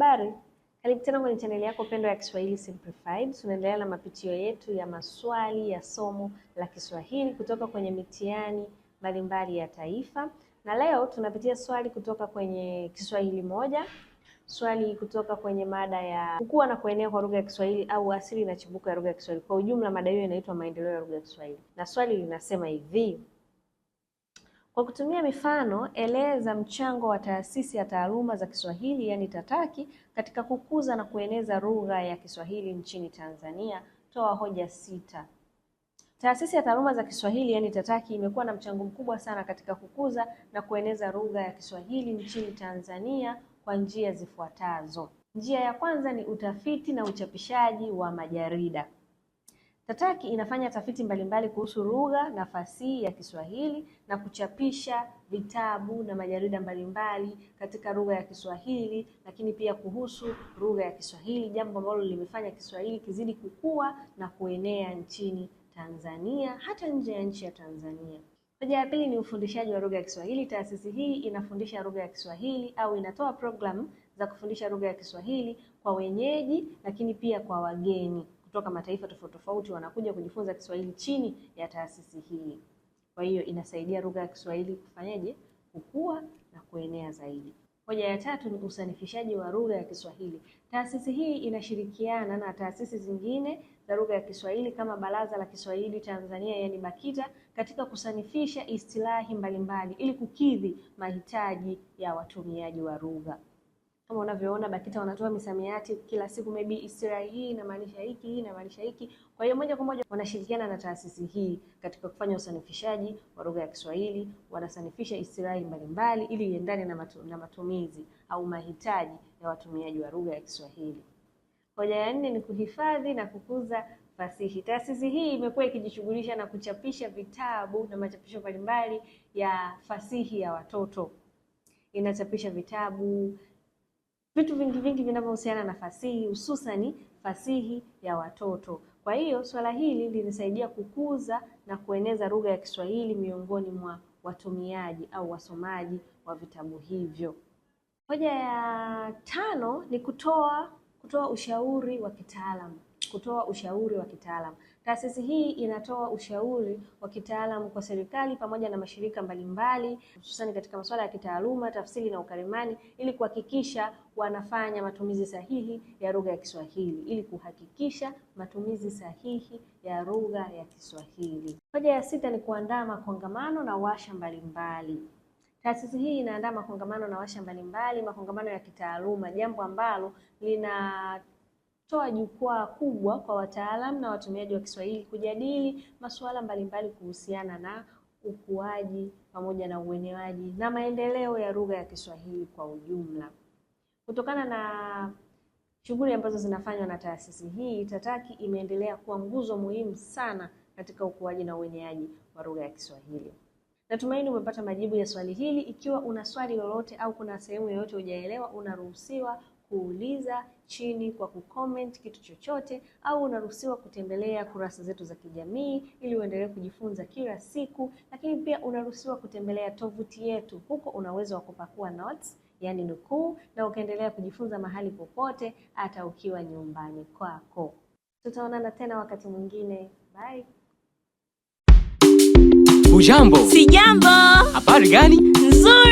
Habari, karibu tena kwenye chaneli yako pendwa ya Kiswahili Simplified. Tunaendelea na mapitio yetu ya maswali ya somo la Kiswahili kutoka kwenye mitihani mbalimbali ya taifa, na leo tunapitia swali kutoka kwenye Kiswahili moja, swali kutoka kwenye mada ya kukua na kuenea kwa lugha ya Kiswahili au asili na chimbuko ya lugha ya Kiswahili. Kwa ujumla, mada hiyo inaitwa maendeleo ya lugha ya Kiswahili, na swali linasema hivi: kwa kutumia mifano, eleza mchango wa Taasisi ya Taaluma za Kiswahili yaani TATAKI katika kukuza na kueneza lugha ya Kiswahili nchini Tanzania. Toa hoja sita. Taasisi ya Taaluma za Kiswahili yani TATAKI imekuwa na mchango mkubwa sana katika kukuza na kueneza lugha ya Kiswahili nchini Tanzania kwa njia zifuatazo. Njia ya kwanza ni utafiti na uchapishaji wa majarida. Tataki inafanya tafiti mbalimbali kuhusu lugha na fasihi ya Kiswahili na kuchapisha vitabu na majarida mbalimbali katika lugha ya Kiswahili, lakini pia kuhusu lugha ya Kiswahili, jambo ambalo limefanya Kiswahili kizidi kukua na kuenea nchini Tanzania, hata nje ya nchi ya Tanzania. Hoja ya pili ni ufundishaji wa lugha ya Kiswahili. Taasisi hii inafundisha lugha ya Kiswahili au inatoa programu za kufundisha lugha ya Kiswahili kwa wenyeji, lakini pia kwa wageni kutoka mataifa tofauti tofauti wanakuja kujifunza Kiswahili chini ya taasisi hii. Kwa hiyo inasaidia lugha ya Kiswahili kufanyaje, kukua na kuenea zaidi. Hoja ya tatu ni usanifishaji wa lugha ya Kiswahili. Taasisi hii inashirikiana na taasisi zingine za lugha ya Kiswahili kama Baraza la Kiswahili Tanzania, yani BAKITA, katika kusanifisha istilahi mbalimbali ili kukidhi mahitaji ya watumiaji wa lugha kama unavyoona BAKITA wanatoa misamiati kila siku, maybe istilahi hii inamaanisha hiki, hii inamaanisha hiki. Kwa hiyo moja kwa moja wanashirikiana na taasisi hii katika kufanya usanifishaji wa lugha ya Kiswahili, wanasanifisha istilahi mbalimbali ili iendane na, matu, na matumizi au mahitaji ya watumiaji wa lugha ya Kiswahili. Hoja ya nne ni kuhifadhi na kukuza fasihi. Taasisi hii imekuwa ikijishughulisha na kuchapisha vitabu na machapisho mbalimbali ya fasihi ya watoto, inachapisha vitabu vitu vingi vingi vinavyohusiana na fasihi, hususani fasihi ya watoto. Kwa hiyo swala hili linasaidia kukuza na kueneza lugha ya Kiswahili miongoni mwa watumiaji au wasomaji wa vitabu hivyo. Hoja ya tano ni kutoa kutoa ushauri wa kitaalamu kutoa ushauri wa kitaalamu. Taasisi hii inatoa ushauri wa kitaalamu kwa serikali pamoja na mashirika mbalimbali, hususani katika masuala ya kitaaluma, tafsiri na ukalimani, ili kuhakikisha wanafanya matumizi sahihi ya lugha ya Kiswahili, ili kuhakikisha matumizi sahihi ya lugha ya Kiswahili. Hoja ya sita ni kuandaa makongamano na washa mbalimbali. Taasisi hii inaandaa makongamano na washa mbalimbali, makongamano ya kitaaluma, jambo ambalo linatoa jukwaa kubwa kwa wataalamu na watumiaji wa Kiswahili kujadili masuala mbalimbali kuhusiana na ukuaji pamoja na uenewaji na maendeleo ya lugha ya Kiswahili kwa ujumla. Kutokana na shughuli ambazo zinafanywa na taasisi hii, TATAKI imeendelea kuwa nguzo muhimu sana katika ukuaji na ueneaji wa lugha ya Kiswahili. Natumaini umepata majibu ya swali hili. Ikiwa una swali lolote au kuna sehemu yoyote hujaelewa, unaruhusiwa kuuliza chini kwa kucomment kitu chochote, au unaruhusiwa kutembelea kurasa zetu za kijamii ili uendelee kujifunza kila siku. Lakini pia unaruhusiwa kutembelea tovuti yetu, huko una uwezo wa kupakua notes, yani nukuu, na ukaendelea kujifunza mahali popote, hata ukiwa nyumbani kwako. Tutaonana tena wakati mwingine. Bye. Hujambo? Sijambo. Habari gani? Nzuri.